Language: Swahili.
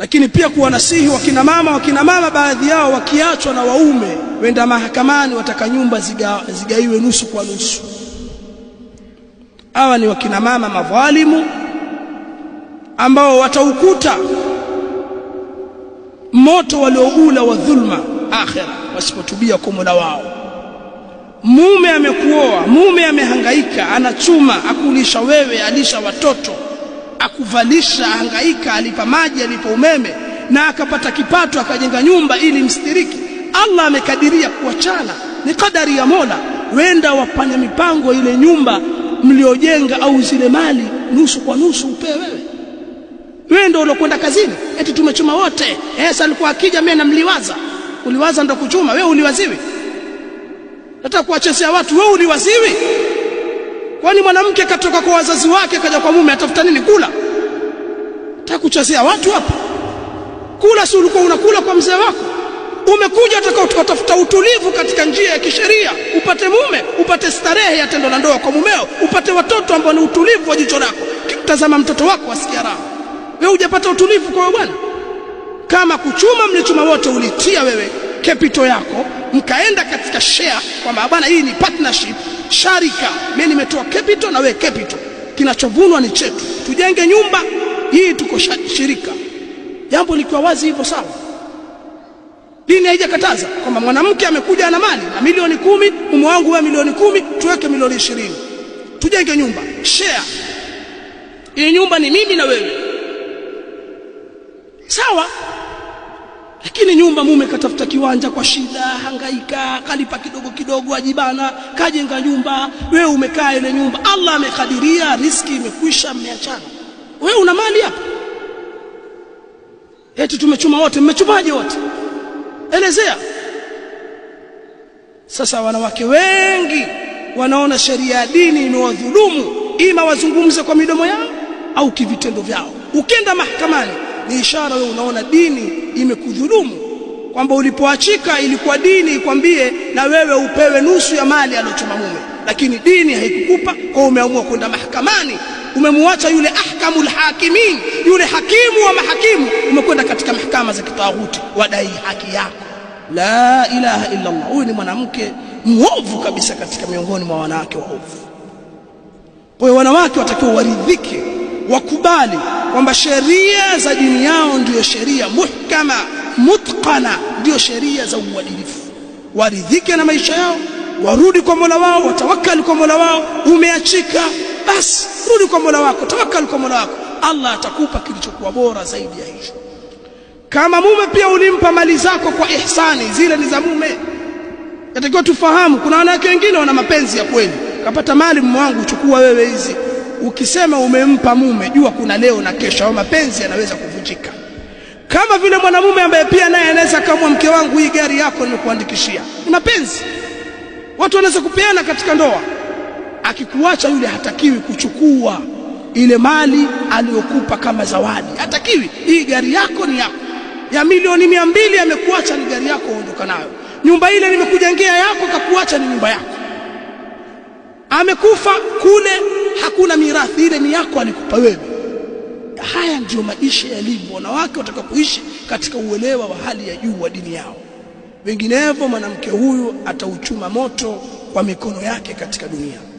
lakini pia kuwanasihi wakina mama. Wakina mama baadhi yao wakiachwa na waume, wenda mahakamani, wataka nyumba ziga, zigaiwe nusu kwa nusu. Hawa ni wakina mama madhalimu ambao wataukuta moto walioula wa dhulma akhira, wasipotubia kwa Mola wao. Mume amekuoa, mume amehangaika, anachuma akulisha wewe, alisha watoto akuvalisha, ahangaika, alipa maji, alipa umeme na akapata kipato, akajenga nyumba ili mstiriki. Allah amekadiria kuachana, ni kadari ya Mola. Wenda wafanya mipango ile nyumba mliojenga au zile mali nusu kwa nusu upewe wewe. Wewe ndio uliokwenda kazini, eti tumechuma wote. Sasa alikuwa akija, mimi namliwaza. Uliwaza ndio kuchuma wewe, uliwaziwi? Nataka kuwachezea watu, wewe uliwaziwi? Kwani mwanamke katoka kwa wazazi wake kaja kwa mume, atafuta nini? Kula takuchezea watu hapa? Kula si ulikuwa unakula kwa mzee wako, umekuja utakaotafuta utulivu katika njia ya kisheria, upate mume, upate starehe ya tendo la ndoa kwa mumeo, upate watoto ambao ni utulivu wa jicho lako, kitazama mtoto wako asikia raha. Wewe hujapata utulivu kwa bwana. Kama kuchuma, mlichuma wote, ulitia wewe kepito yako, mkaenda katika share kwamba bwana, hii ni partnership sharika, mimi nimetoa capital na wewe capital, kinachovunwa ni chetu, tujenge nyumba hii, tuko shirika. Jambo likiwa wazi hivyo, sawa. Dini haijakataza kwamba mwanamke amekuja na mali na milioni kumi, mume wangu wewe milioni kumi, tuweke milioni ishirini, tujenge nyumba share. Hii nyumba ni mimi na wewe, sawa. Lakini nyumba mume katafuta kiwanja kwa shida, hangaika, kalipa kidogo kidogo, ajibana, kajenga nyumba. we umekaa ile nyumba, Allah amekadiria riski, imekwisha, mmeachana. Wewe una mali hapa, eti tumechuma wote. Mmechumaje wote? Elezea. Sasa wanawake wengi wanaona sheria ya dini imewadhulumu, ima wazungumze kwa midomo yao au kivitendo vyao. Ukienda mahakamani, ni ishara wewe unaona dini imekudhulumu, kwamba ulipoachika ilikuwa dini ikwambie na wewe upewe nusu ya mali aliyochoma mume, lakini dini haikukupa. Kwa umeamua kwenda mahakamani, umemwacha yule ahkamul hakimin, yule hakimu wa mahakimu, umekwenda katika mahakama za kitaghuti, wadai haki yako. La ilaha illa Allah. Huyu ni mwanamke muovu kabisa katika miongoni mwa wanawake waovu. Kwa hiyo wanawake watakiwa waridhike wakubali kwamba sheria za dini yao ndiyo sheria muhkama mutqana, ndiyo sheria za uadilifu. Waridhike na maisha yao, warudi kwa Mola wao, watawakali kwa Mola wao. Umeachika basi, rudi kwa Mola wako, tawakali kwa Mola wako, Allah atakupa kilichokuwa bora zaidi ya hicho. Kama mume pia ulimpa mali zako kwa ihsani, zile ni za mume. Yatakiwa tufahamu, kuna wanawake wengine wana mapenzi ya kweli, kapata mali mume wangu, chukua wewe hizi Ukisema umempa mume, jua kuna leo na kesho, au mapenzi yanaweza kuvunjika, kama vile mwanamume ambaye pia naye anaweza kama mke wangu, hii gari yako nimekuandikishia. Ni mapenzi, watu wanaweza kupeana katika ndoa. Akikuacha yule, hatakiwi kuchukua ile mali aliyokupa kama zawadi, hatakiwi. Hii gari yako ni yako, ya milioni mia mbili amekuacha, ni gari yako, ondoka nayo. Nyumba ile nimekujengea yako, kakuacha, ni nyumba yako. Amekufa kule hakuna mirathi, ile ni yako, alikupa wewe. Haya ndiyo maisha yalivyo wanawake watakapoishi katika uelewa wa hali ya juu wa dini yao. Vinginevyo mwanamke huyu atauchuma moto kwa mikono yake katika dunia.